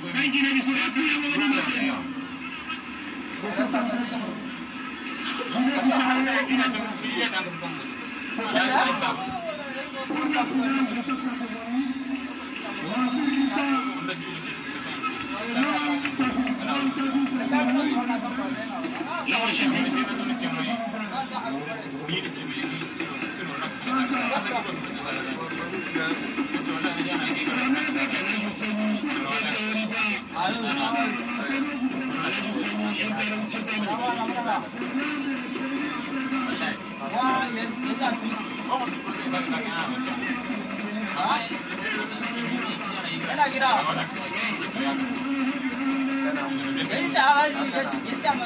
ないきなりそれは悔やまなくなってんの Thank you. 哇，也是人家比。